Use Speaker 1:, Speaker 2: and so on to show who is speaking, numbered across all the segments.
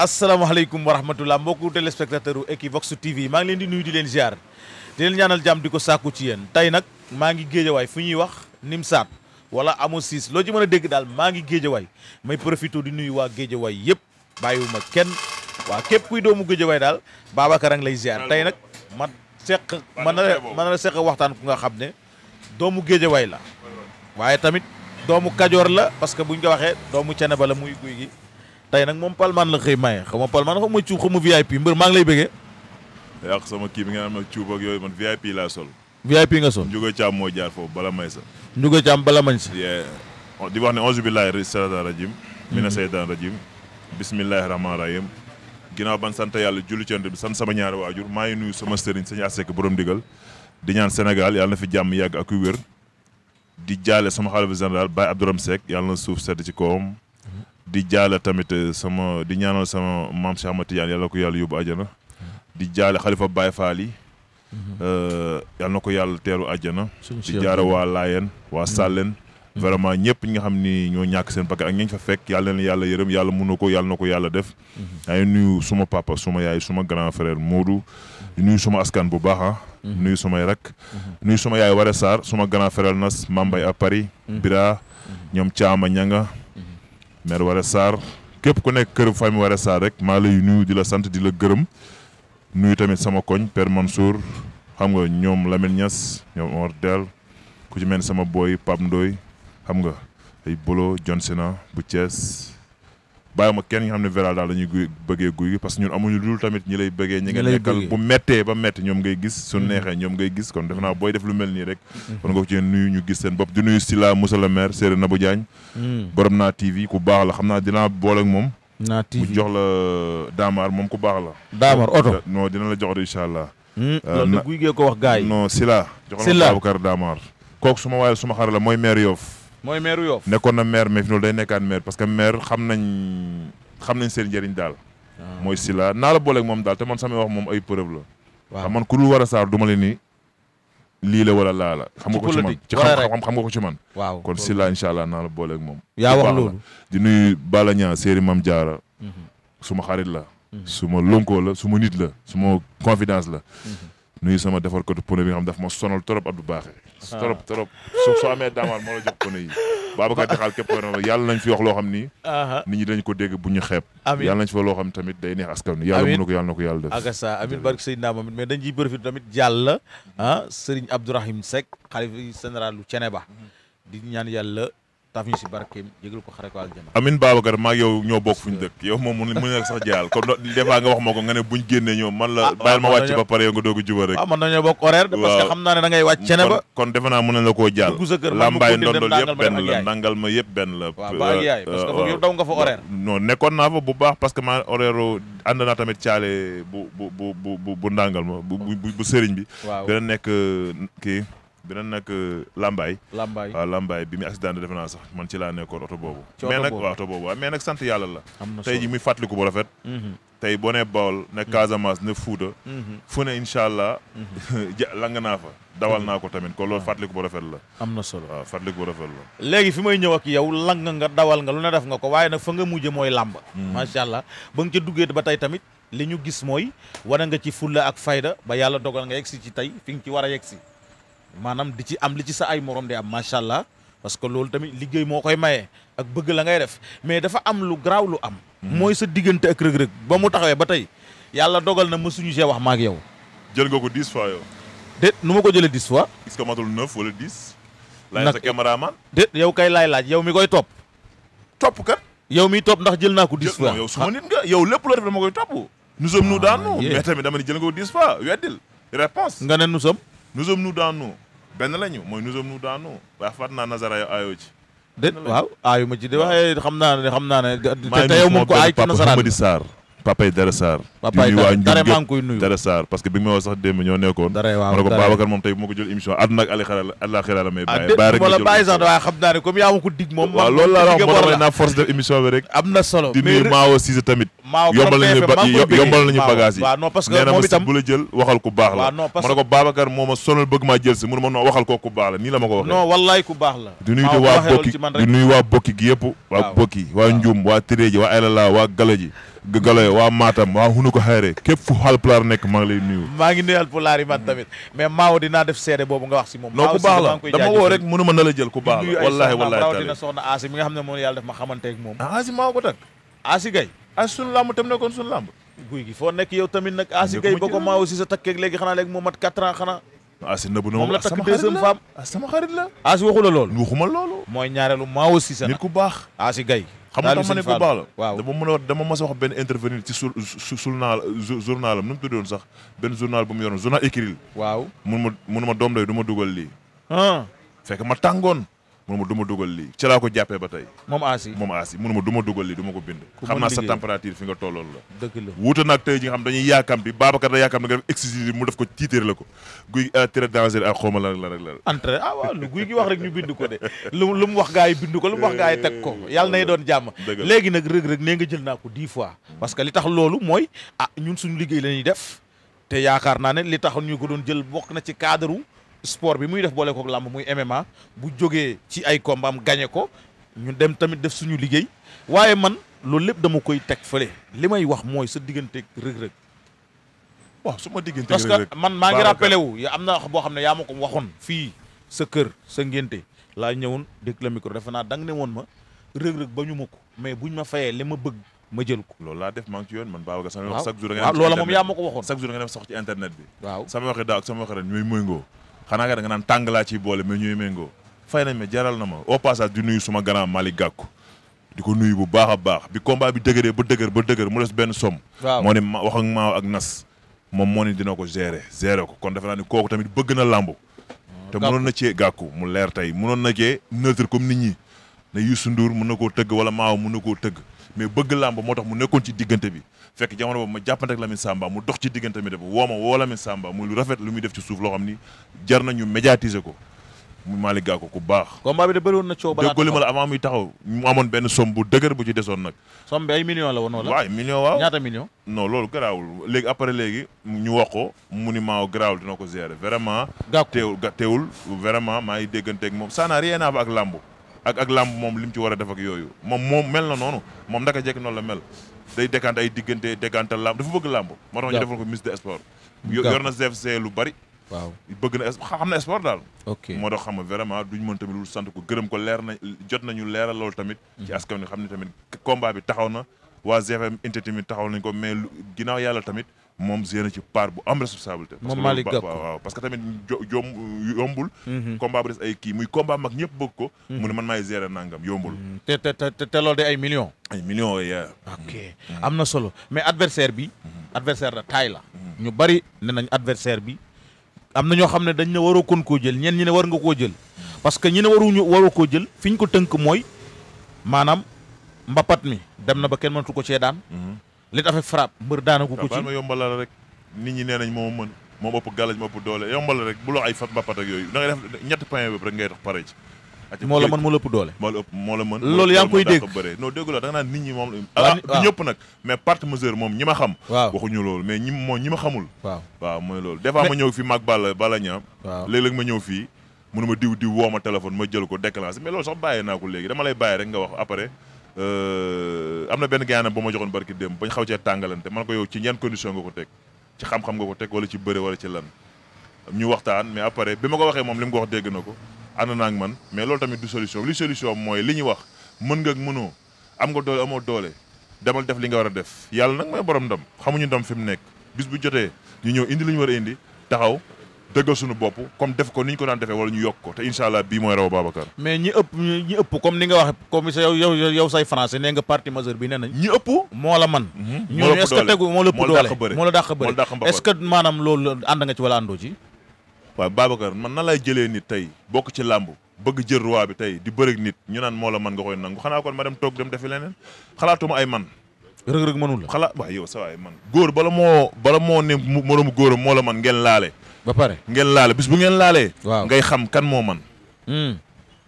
Speaker 1: asalaamaaleykum wa rahmatulah mbokku téléspectateur u Equivox TV maa ngi leen di nuyu di leen ziar di leen ñaanal jàmm di ko sàkku ci yéen tey nag maa ngi géejawaay fu ñuy wax Nimsaat wala Amo Siis loo ci mën a dégg daal maa ngi géejawaay may profité di nuyu waa géejawaay yëpp bàyyiwuma kenn waa képp kuy doomu géejawaay daal Babacar a ngi lay ziar tey nag ma seq man na la seq waxtaan ku nga xam ne doomu géejawaay la waaye tamit doomu kajoor la parce que buñ ko waxee doomu Ceneba la muy guy gi tey nag moom palmaan la xëy maye xaw ma palmaan xaw ma cuub xaw ma VIP mbër maa ngi lay bëggee.
Speaker 2: yàq sama kii bi nga am ne cuub ak yooyu man VIP laa sol. VIP nga sol Ndiouga Thiam moo jaar foofu bala may sa. Ndiouga Thiam bala mañ sa. Oh, di wax ne auzu billaahi seytaan rajim mm-hmm. mina seytaan rajim bismillaahi rahmaani rahim ginnaaw ban sant yàlla julli ci bi sant sama ñaari waajur maa ngi nuyu sama sëriñ sëñ Asek borom digal di ñaan Sénégal yàlla na fi jàmm yàgg ak wér di sama xalifa général Baye Abdouram yàlla suuf sedd ci kawam di jaale tamit eh, sama di ñaanal sama maam Cheikh Ahmad Tidiane yàlla na ko yàlla yóbbu àjjana di jaale xalifa Baye Fall yi mhm. eh, yàlla na ko yàlla teeru àjjana di jaare waa Laayeen waa mhm. Sàlleen mhm. vraiment ñëpp ñi nga xam ni ñoo ñàkk seen bakkan ak ñañ fa fekk yàlla na yàlla yërëm yàlla mënu ko yàlla na ko yàlla def ay nuyu suma papa suma yaay suma grand frère Modou nuyu suma askan bu baax ah nuyu rek nuyu suma yaay Ware Sarr suma grand frère Nas Mambay a Paris Bira ñoom Caama ñanga maire Waré saar képp ku nekk kër famille Waré saar rek maa lay nuyu di la sant di la gërëm nuyu tamit sama koñ Père Mansour xam nga ñoom Lamine ñas ñoom Omar ku ci mel sama booy Pape ndooy xam nga ay Bolo John Sina bu Thiès bàyyi ma kenn nga xam ne Vera daal dañuy guy bëggee guy gi parce que ñun amuñu lu dul tamit ñi lay bëggee ñi nga nekkal bu mettee ba metti ñoom ngay gis su mm-hmm. neexee ñoom ngay gis kon defe naa booy def lu mel nii rek kon mm-hmm. nga ko ci nuyu ñu gis seen bopp di nuyu Sylla monsieur le maire Séré Nabou Diagne mm. borom naa TV ku baax la xam naa dinaa boole moom naa TV bu la daamar moom ku baax la daamar oto non dina la jox incha allah mm. euh, loolu de guy gee ko wax gars yi non Sylla joxal ma Babacar daamar kooku suma waaye suma xar la mooy maire Yoff mooy maire Yoff nekkoon na maire mais fi noonu day nekkaat maire parce que maire xam nañ xam nañ seen njëriñ daal. Ah. mooy Sylla naala la booleeg moom daal te man samay wax moom ay preuve la. waaw man ku dul war a saar du ma leen lii la wala laa la. xam nga ko ci man ci xam xam nga ko man. waaw kon Sylla incha allah naala la booleeg moom. yaa wax loolu di nuyu Bala Niang Serigne Mame Diarra. Mhm. suma xarit la. Mhm. suma lonko la suma nit la suma confidence la. Mhm. nuyu sama defarkatu pneu bi nga xam daf ma sonal trop Abdou Baaxe ah. trop trop su soo amee daamaal moo la jox pneu yi Babacar Jaxal képp yàlla nañ fi wax loo xam ni nit dañ ko dégg bu ñu xeeb nañ fi wax tamit day neex askan ni yàlla mën na ko yàlla na ko yàlla def agasa
Speaker 1: amin barke sëñ naa mamit mais dañ ciy profité tamit jàll ah Serigne Abdourahim Seck xalifa général Ceneba mm-hmm. di ñaan yàlla taf ñu si barkeem jégal ko xare ko aljana
Speaker 2: amin Babacar maa yow ñoo bokk fu ñu dëkk yow moom mu sax jaal kon des nga wax ma ko nga buñ génnee ñoom man la ma wàcc ba pare yow doog a juba rek waaw man dañoo bokk horaire da koo jaal lambaay ndondol yëpp benn la nangal ma yëpp parce que yow daw nga fa horaire non nekkoon naa fa bu baax parce que maa horaire ànd naa tamit caale bu bu bu bu bu ndàngal ma bu bu sëriñ bi dana nekk kii beneen na euh, Lambaay. Lambaay ah, waaw Lambaay bi muy accident de defe naa sax man ci laa nekkoon oto boobu. mais nag waaw oto boobu waaw mais sant yàlla la. tey ji muy fàttaliku bu rafet. Mhm. tey boo Bawol ne mhm. Casamance ne Fuuta. Mhm. fu ne incha allah. ja lang naa fa dawal ko tamit kon loolu ah. fàttaliku bu rafet la. am na solo waaw la.
Speaker 1: léegi fi may ñëw ak yow lang nga dawal nga lu ne def nga ko waaye nag fa nga mujje mooy làmb. macha allah ba nga ca duggee ba tey tamit li ñu gis mooy wane nga ci fulla ak fayda ba yàlla dogal nga yegsi ci tey fi nga a yegsi maanaam di ci am li ci sa ay morom di am macha allah parce que loolu tamit liggéey moo koy maye ak bëgg la ngay def mais dafa am lu garaaw lu am. Mhm. mooy sa diggante ak rëg-rëg ba mu taxawee ba tey yàlla dogal na ma suñu see wax maak ak yow. jël nga ko dix fois yow. déet nu ma ko jëlee dix fois. est-ce que matul neuf wala dix.
Speaker 2: laaj sa caméraman
Speaker 1: yow kay laay laaj yow mi koy topp. topp kat. yaw miy topp ndax jël naa ko dix fois yow suma nit nga
Speaker 2: yow lépp loo def dama koy topp. nous sommes nous ah, mais tamit dama ni jël nga ko dix fois weddil réponse nga ne nous sommes. nous sommes benn lañu mooy nous sommes nous dans nous waaye faat naa nasara yow aayoo ci. déet waaw
Speaker 1: aayu ma ci de waaye xam naa ne xam naa ne. te yow moom ko aay di
Speaker 2: saar papay Dara Sarr papay Dara maa ngi Dara Sarr parce que bi ma sax démb ñoo nekkoon ma ne ko Babacar moom tey bu ko jël émission am na solo di nuyu Maawo Cissé tamit yombal nañu yombal yi non ma si la jël waxal ku baax la ma ne ko Babacar moo ma sonal bëgg maa jël si mënu ma non waxal ko ku baax la nii la ma ko waxee di nuyu waa bokki gi yëpp waa bokki waa njuum waa tréji waa aylala waa galaji Galaye waa Matam waa xunu ko xayre képp fu Haalpulaar nekk maa ngi lay nuyu
Speaker 1: maa ngi nuyu Haalpulaar yi man tamit mais nga ma na
Speaker 2: la jël ku baax la wallaahi wallaahi taala dina
Speaker 1: soxna Asi mi nga xam ne moom yàlla def moom ah, Asi maa ko takk ah, gi foo nekk yow tamit nag Asi Gaye ba ko maa aussi moo mat quatre ans xanaa
Speaker 2: Asi nëbbu na moom la ah, takk deuxième femme
Speaker 1: sama xarit la
Speaker 2: Asi waxu la loolu waxuma loolu mooy ñaareelu maa aussi sa nit ku baax Asi Gaye xam nga tax ma ne ku baax la waaw dama mën a dama mos a wax benn intervenir ci sul journal journal am nu mu tuddoon sax benn journal bu mu yoroon journal écrit waaw mun ma mun ma doom day du ma dugal lii ah. fekk ma tàngoon munuma du ma dugal lii ci laa ko jàppee ba tey moom aasi moom aasi munuma dugal lii du ma ko bind xam naa sa température fi nga tollool la dëgg la wuute nag tey ji nga xam dañuy yaakam bi Babacar da yaakam bi nga def exclusivité mu def ko tiitéer la ko guy euh, très danger ak xawma la la rek la
Speaker 1: entré ah, rek ñu bind ko de lu mu wax gaa yi bind ko lu wax gaa yi teg ko euh, yàlla nay doon jàmm léegi nag Reug Reug nee nga jël naa ko dix fois hmm. parce que li tax loolu mooy ah ñun suñu liggéey la ñuy def te yaakaar naa ne li tax ñu ko doon jël bokk na ci cadre sport bi muy def boole kook làmb muy MMA bu jógee ci ay combat am gañe ko ñu dem tamit def suñu liggéey waaye man loolu lépp dama koy teg fële li may wax mooy sa digganteeg rëg-rëg. bon su ma digganteeg rëg-rëg parce que man maa ngi rappelé wu am xam ne yaa ma waxoon fii sa kër sa ngénte laa ñëwoon dégg la micro woon ma rëg-rëg ba ñu ma ko mais buñ ma fayee li ma bëgg ma jël ko. loolu laa def
Speaker 2: maa ci yoon man Baba Gassama. bi. waaw sama waxi daaw ak sama waxi ren ñooy ngoo xanaa nga da nga naan tàng laa ciy boole mais ñuy méngoo fay nañ ma jaral na ma au passage nuy nuyu suma grand Malick Gakou di ko nuyu bu baax a baax bi combat bi dëgëree bu dëgër ba dëgër mu des benn som moo ne wax ak ak nas moom moo ne dina ko gérer gérer ko kon defe naa ni kooku tamit bëgg na làmb te mënoon na cee Gakou mu leer tey mënoon na cee neutre comme nit ñi ne Youssou Ndour mën na koo tëgg wala maaw mun na koo tëgg mais bëgg làmb moo tax mu nekkoon ci diggante bi fekk jamono boobu ma jàppante ak Lamine Samba mu dox ci diggante mi def woo ma woo Lamine Samba muy lu rafet lu muy def ci suuf loo xam ni jar nañu médiatiser ko mu Malick Gakou ku baax. combat bi de na coow balaa déggoo ma la taxaw mu amoon benn somme bu dëgër bu ci desoon nag. somme bi ay millions la woon wala. waaw millions waaw ñaata millions. non loolu garaawul léegi après léegi ñu wax ko mu ni maa garaawul dina ko gérer vraiment. Gakou teewul teewul vraiment maa ngi dégganteeg moom ça n'a ak làmb ak ak làmb moom li mu ci war def ak yooyu moom mel na noonu moom ndaka jekk noonu la mel. day déggante ay diggante déggante làmb dafa bëgg làmb moo tax ñu defal ko ministre des sports yor na CFC lu bari waaw bëgg na xam na sport daal ok moo tax xam nga vraiment duñ mën tamit lu sant ko gërëm ko leer na jot nañu leera loolu tamit mhm. ci askan wi xam ne tamit combat bi taxaw na waa GFM entertainment taxaw nañ ko mais ginnaaw yàlla tamit moom gérer ci part bu am responsabilité. moom Malick Gakou waaw parce que tamit jom yombul. Mhm. combat bu des ay kii muy combat mag ñëpp bëgg ko. Mhm. mu ne man maay gérer nangam yombul.
Speaker 1: Mhm. te te te de ay million ay millions yee. ok am na solo mais adversaire bi. adversaire la taay la. ñu bari ne nañ adversaire bi am na ñoo xam ne dañ ne waroo kon koo jël ñeen ñi ne war nga koo jël. parce que ñi ne waruñu waroo koo jël fi ñu ko tënk mooy maanaam mbapat mi dem na ba kenn mënatu ko cee daan. lit avec frappe mbër daanagu ko ci ma
Speaker 2: yombalal rek nit ñi nee nañ moo mën moom ëpp gàllaj ma ëpp doole yombal rek bu ay fat mbappat yooyu da ngay def ñetti point web rek moo la mën doole moo la ëpp moo loolu yaa ngi koy dégg bëree non déggu la da naan nit ñi moom ah, du ñëpp nag mais part mesure moom ñi ma xam waaw waxuñu loolu mais ñi moom ñi ma xamul waaw mooy loolu des ma ñëw fii maag bàll bàlla ñaa waaw léeg ma ñëw fii mënu ma diw diw woo ma téléphone ma jël ko déclenché mais loolu sax bàyyee naa ko léegi dama lay bàyyi rek nga wax après Euh, am na benn gaynde ba ma joxoon barki démb bañ xaw cee tàngalante man ko yow ci ñan condition nga ko teg ci xam-xam nga ko teg wala ci bëre wala ci lan ñu waxtaan mais après bi ma ko waxee moom li mu ko dégg na ko ànd naa man mais loolu tamit du solution li solution mooy li ñuy wax mën nga ak mënoo am nga doole amoo doole demal def li nga war a def yàlla nag mooy borom ndam xamuñu ndam fi mu nekk bis bu jotee ñu ñëw indi li ñu war a indi taxaw dëggal suñu bopp comme def ko ni ñu ko daan defee wala ñu yokk ko te incha allah bii mooy raw Babacar
Speaker 1: mais ñi ëpp ñi ëpp comme ni nga wax comme yow yow yow say français nee nga parti majeur bi nee nañ ñi ëpp moo la man
Speaker 2: ñu est ce que tegu moo la ëpp doole nga ci wala àndoo ci man na lay jëlee nit tey bokk ci làmb bëgg jël bi tey di bërig nit ñu naan moo la man nga koy nangu xanaa ma dem toog dem defi leneen man rëg-rëg mënul la xalaat yow sa waay man góor bala moo bala moo ne moroomu góor moo la man ngeen laale ba pare ngeen laale bis bu ngeen laalee. waaw ngay xam kan moo man hmm.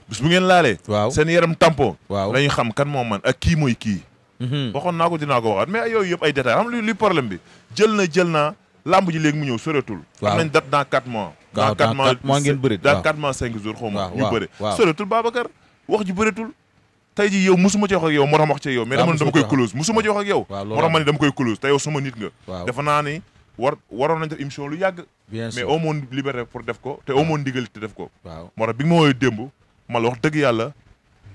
Speaker 2: bis ngeen laalee. waaw seen yaram tampon. waaw dañuy xam kan moo man ak kii mooy kii. Hmm. waxoon naa ko dinaa ko waxaat mais yooyu yëpp ay détails xam lu li problème bi jël na jël na lamb ji léegi mu ñëw soreetul. waaw am nañ date dans quatre mois. dans quatre mois dans ngeen bëri dans quatre mois cinq jours xaw ma ñu bëri. soreetul Babacar wax yow musuma ci wax ak yow moo tax wax ci yow suma nit nga dafa naa war waroon nañ def émission lu yàgg. bien sûr mais amoon liberté pour def ko te amoon ndigal te def ko. moo tax bi ma woowee démb wax dëgg yàlla.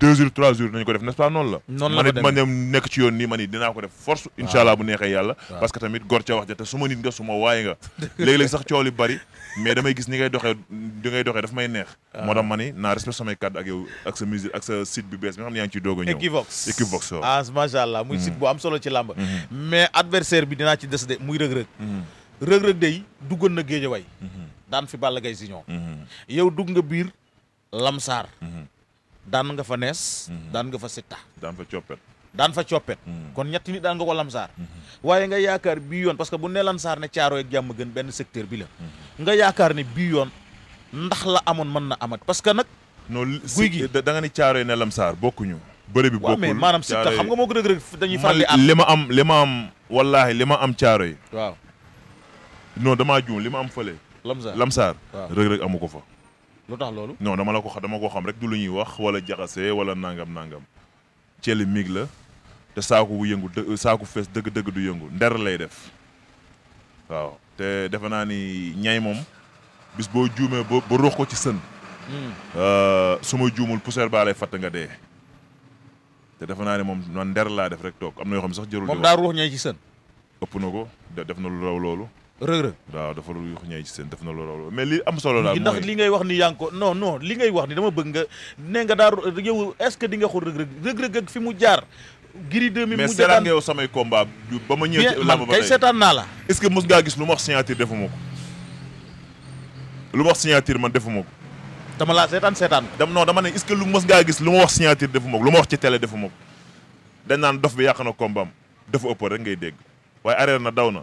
Speaker 2: deux jours trois jours nañ ko def n'est-ce pas la. noonu la ko man nekk ci yoon ni man it dinaa ko def force. waaw incha allah bu neexee yàlla. parce que tamit gor ca wax ja te suma nit nga suma waaye nga. léeg-léeg sax coow bari mais damay gis ni ngay doxee di ngay doxee daf may neex. moo tax ma ni naa respect samay kàddu ak sa musique ak sa site bi bees bi xam ne yaa a ñëw. Equivox Equivox waaw. ah
Speaker 1: macha allah muy site
Speaker 2: mm-hmm. am solo ci làmb.
Speaker 1: Mm-hmm. mais adversaire bi dinaa ci des de muy rëg-rëg. rëg-rëg day duggoon na géejawaay mhm. daan fi Balla Gaye Junior mhm. yow dugg nga biir lamsaar mhm. daan nga fa nees daan nga fa sitta daan fa coppet daan fa coppet kon ñetti nit daan nga ko lamsaar waaye nga yaakaar bii yoon parce que bu ne lamsaar ne caaro ak jàmm gën benn secteur bi la nga yaakaar ne
Speaker 2: bii yoon ndax la amoon mën na amat parce que nag non guy gi da nga ni caaro ne lamsaar bokkuñu bëre bi bokkul mais maanaam sitta xam nga moo
Speaker 1: ko rëg-rëg dañuy faral am
Speaker 2: li ma am li ma am li ma am caaro yi waaw non damaa juum li ma am fële. Lamsaar Lamsaar. waaw Reug Reug amu ko fa. lu tax loolu. non dama la ko xam dama ko xam rek du lu ñuy wax wala jaxase wala nangam nangam. Thiel mig la te saako bu yëngu dë saako fees dëgg-dëgg du yëngu nder lay def waaw te defe naa ni ñay moom bis boo juumee boo ba rox ko ci sën. Hmm. Euh, su ma juumul poussière baa lay fatt nga dee. te defe naa ne moom man nder laa def rek toog am na yoo xam ne sax jërul. moom daa ruux ñay ci sën. ëpp na ko def na lu raw loolu. rëg-rëg waaw dafa loolu yuux ñëw ci na loolu mais li am solo daal ndax
Speaker 1: li ngay wax ni yaa ngi ko non li ngay wax ni dama bëgg nga ne nga daal yow
Speaker 2: est ce que di nga xool rëg-rëg rëg-rëg ak fi mu jaar giri deux mi mais seetaan nga yow samay combat ma ñëw ci seetaan naa la est ce que mos ngaa gis lu ma wax signature defuma ko lu wax signature man defuma ko dama laa seetaan seetaan dam non dama ne est ce que lu mos ngaa lu ma wax signature defuma ko lu ma wax ci télé defuma ko dañ naan dof bi yàq na combat am dafa ëpp rek ngay dégg waaye arrêté na daw na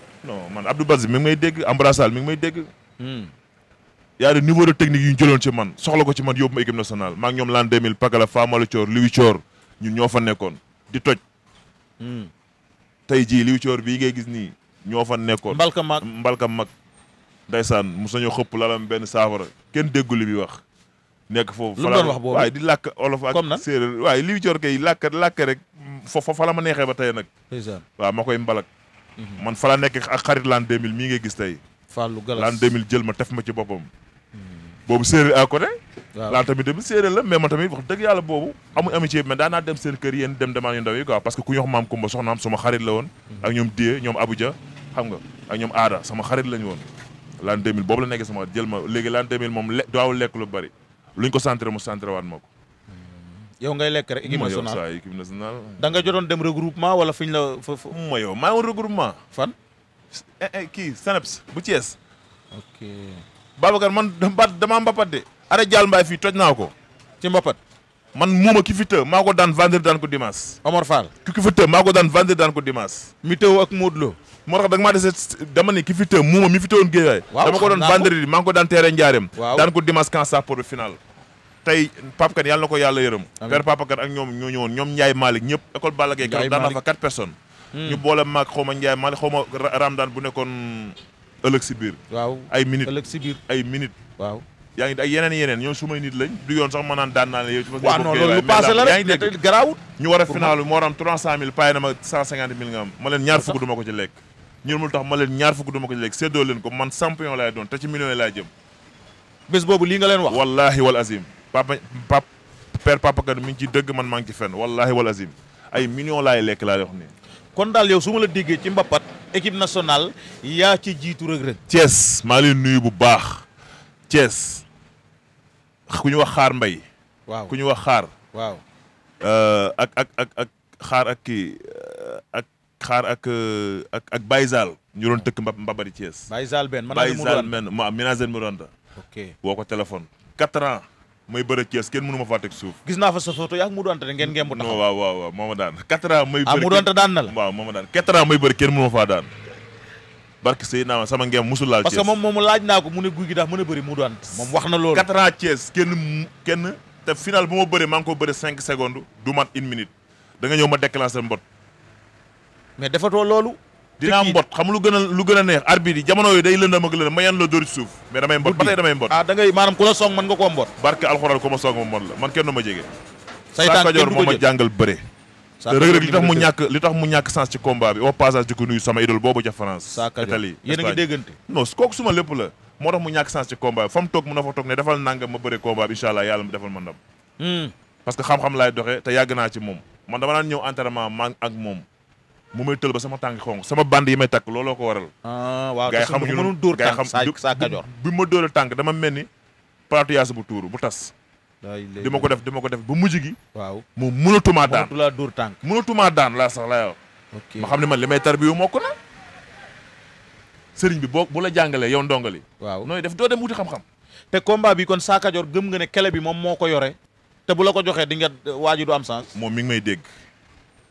Speaker 2: non man Abdou Bazzi mi ngi may dégg Ambra Sall mi ngi may dégg. y a des niveaux de technique yu ñu ci man soxla ko ci man yóbbu ma équipe nationale maa ngi ñoom l'an 2000 Pakala Famara Thior Louis Thior ñun ñoo fa nekkoon di toj. tey jii Louis Thior bii ngay gis ni ñoo fa nekkoon. Mbalka Mag Mbalka Mag. Ndeysaan mos nañoo xëpp lalam benn saafara kenn déggu li bi wax. nekk foofu lu doon wax di làkk olof ak séeréer waaye Louis kay làkk làkk rek foofa la ma neexee ba tey nag. waaw ma koy mbalak. Mhm. man fa la nekk ak xarit l'an 2000 mii ngay gis tey. Fallou Galas l'an jël ma tef ma ci boppam. Mhm. boobu séeréer à côté. waaw laan tamit tamit séeréer la mais man tamit wax dëgg yàlla boobu amuñ amitié bi mais daanaa dem seen kër yéen dem demaan yu ndaw yi parce que ku ñu wax maam Kumba soxnaam sama xarit la woon mhm. ak ñoom Dieye ñoom Abuja xam nga ak ñoom aada sama xarit lañu woon l'an 2000 boobu la nekkee sama jël ma léegi l'an 2000 moom le daawul lekk lu bari luñ ko centré mu ko
Speaker 1: yow ngay lekk rek équipe nationale ma yow
Speaker 2: équipe nga jotoon dem regroupement wala fiñ la fa fa. ma yow maa woon regroupement. fan. Eh, eh, kii Seneps bu Thiès. ok Babacar man damaa mbapat de. arrêt Diall Mbaye fii toj naa ko. ci mbapat. man muuma ki fi të maa ko daan vendredi daan ko dimanche. Omar Fall ki daan vendredi daan ko dimanche. mi tëw ak Modou Lo. moo da nga maa dese dama ne ki fi të muuma mi fi tëwoon Guédiawaye. dama ko daan teere Ndiarème. waaw daan ko dimanche kan sax pour final. tey papakat yàlla na ko yàlla yërëm père papakat ak ñoom ñoo ñëwoon ñoom Ndiaye Malick ñëpp école Balla Gaye keroog a na fa quatre personnes hmm. ñu boole maag xaw ma Ndiaye Malick xaw ma bu nekkoon ëllëg biir waaw ay minute ëllëg ay minute waaw yaa ngi ay yeneen yeneen ñoom sumay nit lañ du yoon sax ma naan daan naa ne yow ci waaw non loolu lu passé la rek te garaawut ñu war a final moo am trois cent mille paye na nga am ma leen ñaar fukk ko ci lekk ñun mul tax ma leen ñaar fukk ko ci lekk séddoo wal azim papa papa père papa Kane ci dëgg man maa ngi ci fenn wallaahi wal azim ay millions laay lekk laa wax nii. kon daal yow su ma la déggee ci Mbapat équipe nationale yaa ci jiitu Reug Reug. Thiès maa leen nuyu bu baax Thiès ku ñu wax xaar mbay. waaw ku ñu wax xaar. waaw euh, ak ak ak ak xaar ak kii euh, euh, ak ak ak ñu doon tëkk mba mbabari Thiès. Bayzal benn mën naa la mu doon Bayzal téléphone. quatre ans. may bëre Thiès kenn mënu ma faa teg suuf gis naa fa sa photo yaa ngi mu doon te ngeen ngeen bu taxaw waaw waaw moo ma ah, daan quatre ans may bëre na la waaw moo ma daan quatre kenn mënu ma faa daan barke sëy naa sama ngeen musul laal Thiès parce que moom moom laaj naa ko mu ne guy gi dax mën a bëri mu doon moom wax na loolu quatre ans Thiès kenn kenn te final bu ma bëre maa ngi ko bëre cinq secondes du mat une minute da nga ñëw ma déclencher mbot mais defatoo loolu dinaa mbot xam lu gën neex arbitre yi jamono yooyu day lëndam ak lëndam ma yan la suuf mais damay mbot ba tey damay ah, barke alxuraan ku ma song ma mbot la ma jege
Speaker 1: saytaan kajoor ma mu ñàkk
Speaker 2: a ngi déggante non kooku suma lépp hmm. man dama moom mu may tël ba sama tànk xonk sama band yi may takk looloo ko waral. Ah, waaw te sunu bu mënul dóor tànk saa kajoor bi ma door tànk dama mel ni plaatu bu tuur bu tas. di ma ko def di ko def ba mujj gi. waaw mu mënatumaa daan mënatulaa dóor tànk. mënatumaa daan laa sax laa yor. ma xam ne ma li may tarbiyu mokk na. sëriñ bi boo bu la jàngalee yow ndongali. waaw nooy def doo dem wuti xam-xam.
Speaker 1: te combat bi kon saa kajoor gëm nga ne kele bi moom moo ko yore. te bu la ko joxee di nga waaju du am
Speaker 2: sens. moom mi ngi may dégg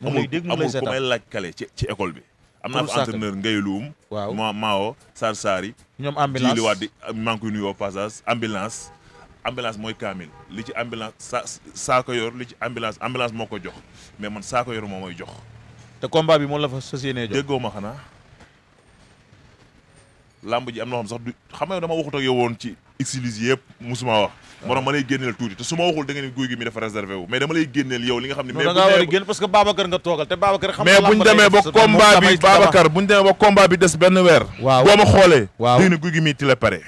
Speaker 2: moom lay dégg mu laaj kale ci ci école bi. am naa fa waaw ma Mao ñoom ambulance ci li waat di maa ngi mooy kaamil li ci ambulance sa saa yor li ci ambulance ambulance moo ko jox mais man saa yor moo mooy jox. te combat bi moom la fa sas yéenee jox ji am na xam sax du xam nga dama waxut ak woon ci exilus yëpp musuma wax. moo tax ma lay génneel tuuti te su ma waxul da nga ne guy gi dafa réservé wu mais dama lay génneel yow li nga xam ne mais da ngaa
Speaker 1: a génn nga toogal te Babacar xam mais buñ demee ba
Speaker 2: combat bi des benn weer waaw boo ma xoolee waaw da nga ne guy gi mii ti la pare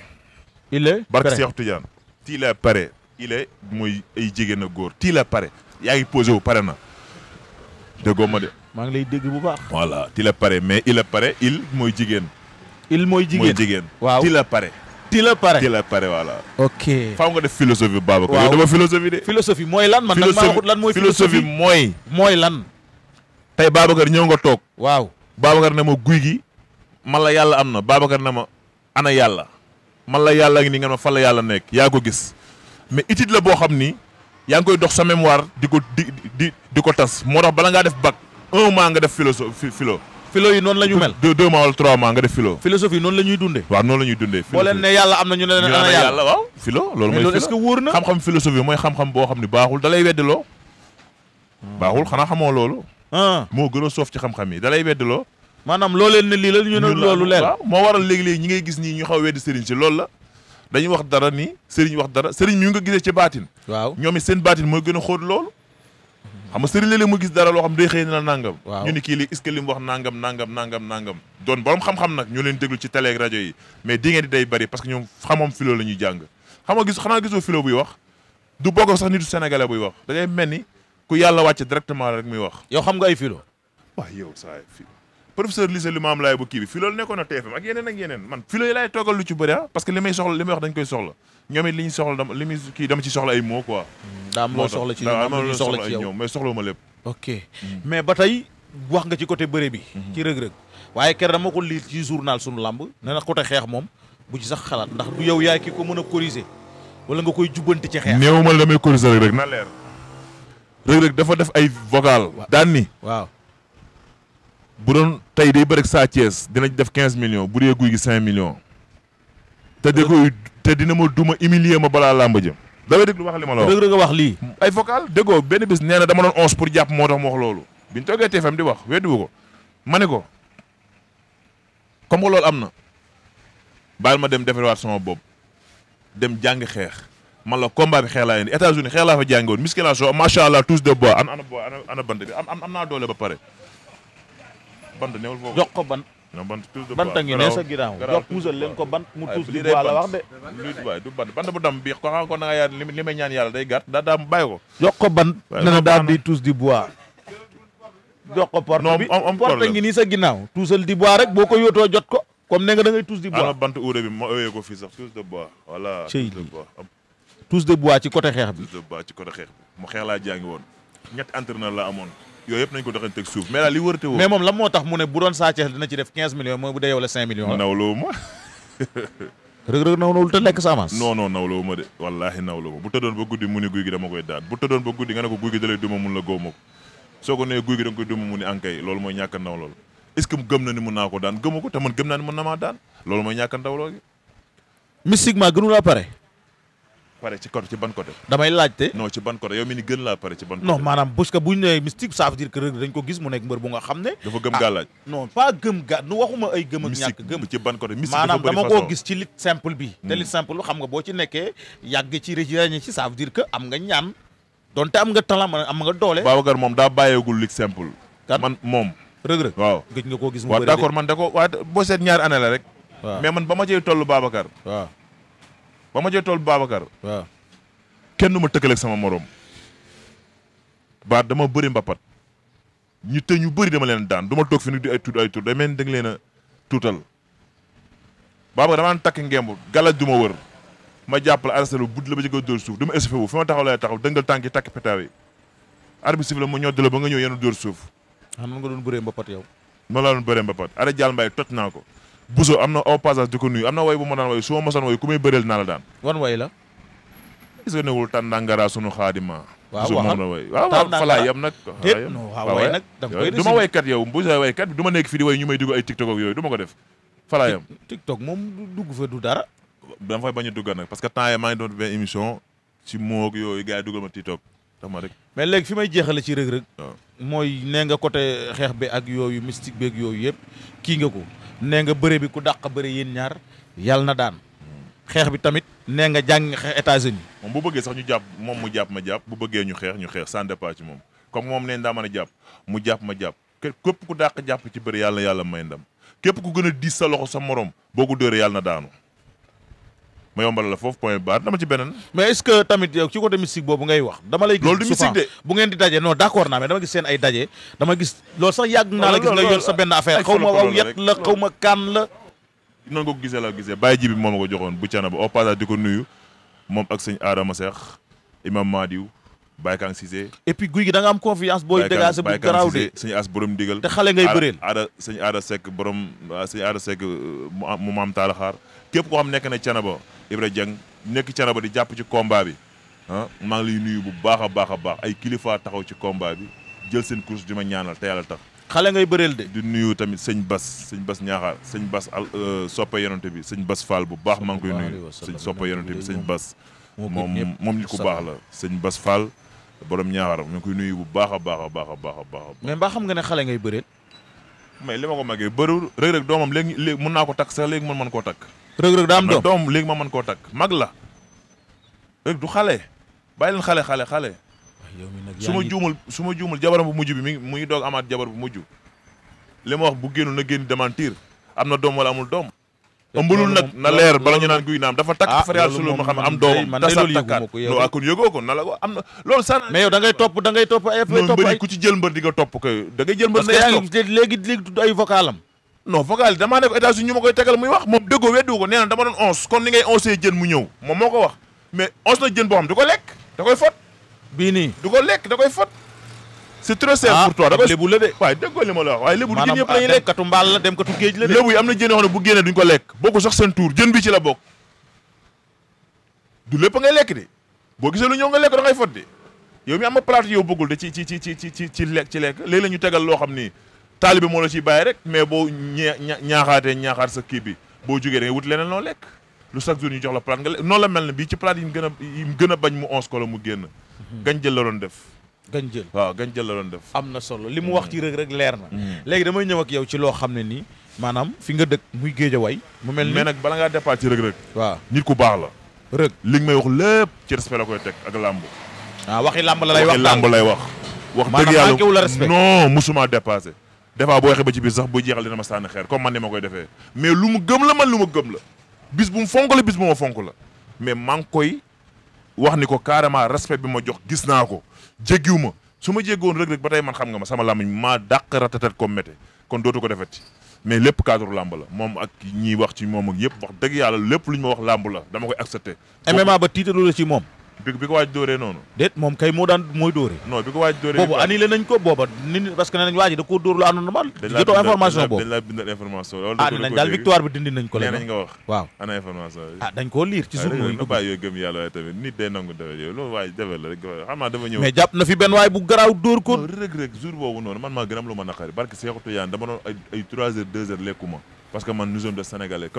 Speaker 2: il est barke Cheikh Tidiane ti la pare il est mooy jigéen a góor ti la pare yaa ngi posé wu pare na déggoo ma
Speaker 1: maa ngi lay dégg bu baax
Speaker 2: voilà ti la pare mais il a pare mooy jigéen il mooy jigéen jigéen waaw ti la pare ti la pare ti la pare voilà. ok faaw nga def philosophie Babacar. waaw yow dama philosophie de. philosophie mooy lan man nag maa lan mooy. philosophie mooy. mooy lan. tey Babacar ñëw nga toog. waaw Babacar ne ma guy gi. man la yàlla am na Babacar ne ma ana yàlla. man la yàlla ngi nii nga ma fan la yàlla nekk. yaa ko gis mais étude la boo xam ni yaa ngi koy dox sa mémoire di ko di di di ko tas moo tax bala ngaa def bac un mois nga def philosophie philo. philo yi noonu la ñu mel. deux deux mois wala trois mois nga def philo. philosophie noonu la ñuy dundee. waaw noonu la ñuy dundee. boo leen am loolu mooy philo xam-xam philosophie mooy xam boo xam ni baaxul da lay weddiloo. Hmm. baaxul xanaa xamoo loolu. Ah. moo gën soof ci xam-xam yi da lay weddiloo. maanaam loo leen ne lii la ñu ne loolu leer waaw moo waral léegi-léegi ñi ngay gis nii ñu xaw weddi sëriñ si loolu la dañuy wax dara nii sëriñ wax dara sëriñ mi nga gisee ci baatin waaw ñoom it seen baatin moo gën a xóot loolu xam nga sëriñ léeg-léeg mu gis dara loo xam day xëy na nangam ñu ni kii li est-ce que li mu wax nangam nangam nangam nangam doon borom xam-xam nag ñoo leen déglu ci télé ak rajo yi mais di ngeen di day bari parce que ñoom xamam philo la jàng xam nga gis ni ku yàlla wàcce directement rek muy wax yow xam nga ay philo waaw yow saa philo professeur lycée Limamou Laye bu kii bi philo la nekkoon na TFM ak yeneen ak yeneen man philo yi laay toogal lu ci bëri ah, parce que li soxla li wax dañ koy soxla ñoom li ñu soxla dama li kii dama ci soxla ay mots quoi. Hmm, daa loo soxla ci ñoom am soxla ci yow mais soxla ma lépp. ok hmm. mais ba tey wax nga ci côté bëre bi. Hmm. ci rëg waaye
Speaker 1: ker dama ko liir ci journal sunu lamb nee na côté xeex moom bu ci sax xalaat ndax yow yaay ki ko mën a
Speaker 2: corriger wala nga koy jubbanti ci xeex. néew ma la damay corriger rek rek leer. rëg-rëg dafa def ay vocal. daan ni waaw. bu doon tey day bëri ak Sa Thiès dinañ def quinze millions bu dee guy gi cinq millions. te da koy te dina ma duma humilier ma balaa làmb jëm. dafay dégg lu wax li ma la wax dëgg wax lii. ay vocal déggoo benn bis nee na dama doon onze pour jàpp moo tax mu wax loolu. bi ñu di wax weddiwu ko ma ne ko comme que loolu am na baal ma dem defewaat sama bopp dem jàngi xeex man la combat bi xeex laa indi États-Unis xeex laa fa jàngoon musculation macha allah tous de bois ana ana ana bant bi am am naa doole ba pare bant newul foofu bant tuus de banta ngi ne sa giraaw jox tuusal leen ko bant mu tuus li waa la wax de bant bant bu dam biix ko xam ko na nga yaa may ñaan yàlla day gàtt daa daam bàyyi ko
Speaker 1: jox ko bant nena daal di tuus di bois
Speaker 2: jox ko porte bi porte ngi
Speaker 1: nii sa ginaaw tuusal di bois rek boo ko yóotoo jot ko comme ne nga da ngay tuus di bant
Speaker 2: uure bi ma ëwee ko fii sax tuus de bois voilà tuus de bois ci côté xeex bi tuus ci côté xeex bi mu xeex laa jàngi woon ñetti entraîneur la amoon yooyu yëpp nañ ko doxanteeg suuf mais daal li wërte woo mais moom lan moo tax mu ne bu doon Sa Thiès dina ci def
Speaker 1: 15 millions mooy bu dee yow la 5 millions. nawloo ma. Reug Reug te lekk sa avance. non
Speaker 2: non nawloo de wallaahi nawloo bu tëddoon ba guddi mu guy gi koy daan bu tëddoon ba guddi nga ne ko guy gi duma mun la góob soo ko nee guy gi koy duma mu ne ankay loolu mooy ñàkk ndaw loolu est-ce que gëm na ni mun naa ko daan gëmu ko te man gëm naa ni mën na maa daan loolu mooy ñàkk ndaw pare ci côté ci ban côté. damay laajte. non ci ban côté yow mi gën laa pare ci ban côté. non
Speaker 1: maanaam parce que bu nee mystique ça veut dire dañ ko gis mu nekk mbër bu nga xam ne.
Speaker 2: dafa gëm ah, gàllaaj
Speaker 1: non pas gëm ga nu waxuma ay gëm ak ñàkk bi. te hmm. lutte simple boo ci nekkee yàgg ci région ci ça veut dire que am nga nga doole.
Speaker 2: Babacar moom daa bàyyeegul lutte simple. kan man moom. rëg nga koo gis. mu bëri de waaw d'accord man da ko waaye boo seet ñaari année la rek. waaw man ba ma cay toll Babacar. waaw ba ma jee tool Babacar. waaw kenn du ma tëkkaleeg sama moroom ba dama bëri mbapat ñu te ñu bëri dama leen daan du ma toog fi nag di ay tuut ay tuut da a tuutal. Babacar dama takk ngemb gala du ma wër ma jàppale arrêté budd la ba jëkk a dóor suuf du ma échauffé wu fi ma taxaw lay taxaw dëngal tànk yi takk pétaaw yi. arbitre la ma ñodd la ba nga ñëw yenu dóor suuf. ah nan nga doon bëree mbappat yow. ma laa doon bëree mbapat Ada Diallo Mbaye toj naa ko. Bousso am na au passage di ko nuyu way bu ma daan way su ma mosaan way ku may bëreel naa la daan. wan way la. gis nga newul tàndangara sunu xaadima. waaw waaw moom na way waaw fa laa yem nag. déet non waaw way nag da nga koy du ma waykat yow Bousso waykat bi du nekk fii di way ñu may dugg ay tiktok ak yooyu du ko def. fa laa yem moom dugg fa du dara. dama fay bañ a dugg nag parce que temps yii maa ngi doon benn émission ci moog yooyu gars yi dugal ma tiktok tax ma rek. mais léegi fi may jeexale
Speaker 1: ci rëg-rëg. mooy nee nga côté xeex bi ak yooyu mystique bi yooyu yëpp kii nga ko nee nga bëre bi ku dàq bëre yéen ñaar yàlla na daan xeex bi tamit nee nga
Speaker 2: jàng xeex États-Unis moom bu bëggee sax ñu jàpp moom mu jàpp ma jàpp bu bëggee ñu xeex ñu xeex sans départ ci moom comme moom neen daa mën a jàpp mu jàpp ma jàpp képp ku dàq jàpp ci bëri yàlla yàlla may ndam képp ku gën a diis sa loxo sa moroom boo ko dóoree yàlla na daanu ma yombal la foofu point barre dama ci beneen. mais est-ce que tamit yow ci côté mystique boobu ngay wax. dama lay gis loolu de bu ngeen di daje non
Speaker 1: d'accord naa mais dama gis seen ay daje dama gis. loolu sax yàgg naa la gis nga yor sa benn affaire xaw ma yet la
Speaker 2: xaw kaan la. noonu nga ko gisee laa gisee bàyyi ji bi moom ma ko joxoon bu cana ba au ko nuyu moom ak sëñ Adama Seex imam Madiou Baye Kang Cissé. et puis guy gi da nga am
Speaker 1: confiance booy dégager bu garaaw de sëñ
Speaker 2: as borom digal te xale ngay bëreel aada sëñ aada Seck borom sëñ aada Seck euh, mu képp koo xam nekk na cana ba Ibra Dieng nekk canaba di jàpp ci combat bi ah maa ngi lay nuyu bu baax a baax a baax ay kilifa taxaw ci combat bi jël seen course di ma ñaanal te yàlla tax. xale ngay bëreel de. di nuyu tamit sëñ Bas sëñ Bas ñaaxaar sëñ Bas al euh, soppe yonante bi sëñ Bas bu baax maa ngi koy nuyu sëñ soppe yonante bi moom moom nit ku baax la sëñ Bas Fall borom ñaaxaar ñu ngi koy nuyu bu baax a baaxa a baax a baax a baax. mais xam nga ne xale ngay bëreel. mais li ma ko magee bëriwul rëg-rëg doomam léegi léegi mën naa ko takk sax léegi man mën koo takk rëg-rëg daam doom doom léegi ma mën takk mag la rëg du xale bàyyi leen xale xale xale su ma juumul suma ma juumul jabaram bu mujj bi mi mu doog amaat jabar bu mujj li ma wax bu génnu na génn demantiir am na doom wala amul doom ëmbalul nag na leer bala ñu naan guy naam dafa takk farial sulu ma xam am doomam tasa takkaat no ak ah, kon yëgoo ko na la am na loolu topp da topp ay mbëri ku ci jël mbër di nga topp koy tegal muy wax moom déggoo weddu ko nee na dama doon onze kon ni ngay jën mu ñëw moom moo ko wax mais onze na jën boo xam du ko lekk da koy fot bii nii du da koy fot c'est trop cher ah, pour toi dama lébu la de waaye déggoo li la wax du jën yëpp la lekk katu mbaal la dem katu ko lekk bokku sax seen tuur jën bi ci la bokk du lépp ngay lekk de boo gisee lu ñëw nga lekk da ngay fot de yow mi am na plate yow bëggul de ci ci ci ci ci ci ci lekk ci lekk léegi la ñu tegal loo xam ni taalibe moo la ciy bàyyi rek mais boo ñaa ñaaxaatee ñaaxaat sa kii bi boo jógee da wut leneen loo lekk lu chaque jour ñu jox la plate nga la mel ne bii ci plate yi mu gën a mu gën a bañ mu onze ko la mu génn mhm. gañ jël la doon def gañ jël waaw gañ jël la loon def am na solo li mu wax ci rëg rëg leer na mm. léegi damay ñëw ak yow ci loo xam ne nii maanaam fi nga dëkk muy géejawaay mu mel ni nag bala ngaa départ ci rëg rëg waaw nit ku baax la rëg li nga may wax lépp ci respect la koy teg ak làmb ah waxi làmb la lay wax waxi lay wax wax dëgg yàlla non musuma dépassé des fois boo waxee ba ci biir sax bu jeexal dina ma sànni xeer comme man ni ma koy defee mais lu mu gëm la man lu ma gëm la bis bu mu fonk la bis bu ma fonk la mais maa koy wax ni ko carrément respect bi ma jox gis naa ko jéggiw su ma jéggoon rëg-rëg ba tey man xam nga ma sama làmmiñ maa dàq ratatat comme mété kon dootu ko defeti mais lépp cadre làmb la moom ak ñiy wax ci moom ak yëpp wax dëgg yàlla lépp lu ñu ma wax làmb la dama koy accepté
Speaker 1: MMA ba tiitalu la ci moom
Speaker 2: bi bi ko waaj dóoree noonu
Speaker 1: déet moom kay moo daan mooy dóoree
Speaker 2: non bi ko nañ
Speaker 1: ko booba nit parce que ne nañ waaj da koo dóor lu àndoon normal dañ
Speaker 2: ah, ko ah, liir ci ah, journaux yi bàyyi yooyu gëm yàlla waaye tamit nit day nangu defal yooyu loolu waaye la rek xam naa dafa ñëw mais jàpp na fi benn
Speaker 1: waay bu garaaw dóor ko
Speaker 2: rek rek boobu noonu man maa gënam lu ma naqari barke Seexu Tijaan dama doon ay trois heures deux heures lekkuma parce que man nous sommes des sénégalais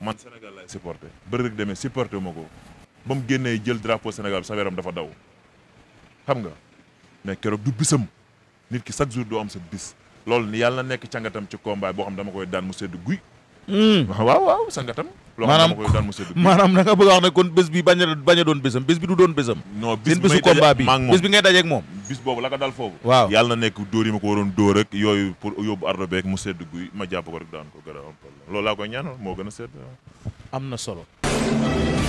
Speaker 2: man Sénégal laay supporté bari rek demee supporté ma ko ba mu génnee jël drapeau Sénégal sa yaram dafa daw xam nga mais keroog du bisam nit ki chaque jour doo am sa bis loolu ni yàlla na nekk cangatam ci combat boo xam dama koy daan mu sedd guy. Hmm. waaw waaw sangatam. loo xam dama koy daan mu sedd guy maanaam da
Speaker 1: nga bëgg ne kon bés bi bañ a bañ a doon bésam bés bi du doon bésam. non bis bi may daje ak bi bés bi ngay daje ak moom.
Speaker 2: bis boobu la ko dal foofu. waaw yàlla na nekk dóor yi ma ko waroon dóor rek yooyu pour yóbbu ardo beeg mu sedd guy ma jàpp ko rek daan ko gën a loolu laa koy ñaanal moo gën a sedd. am na solo.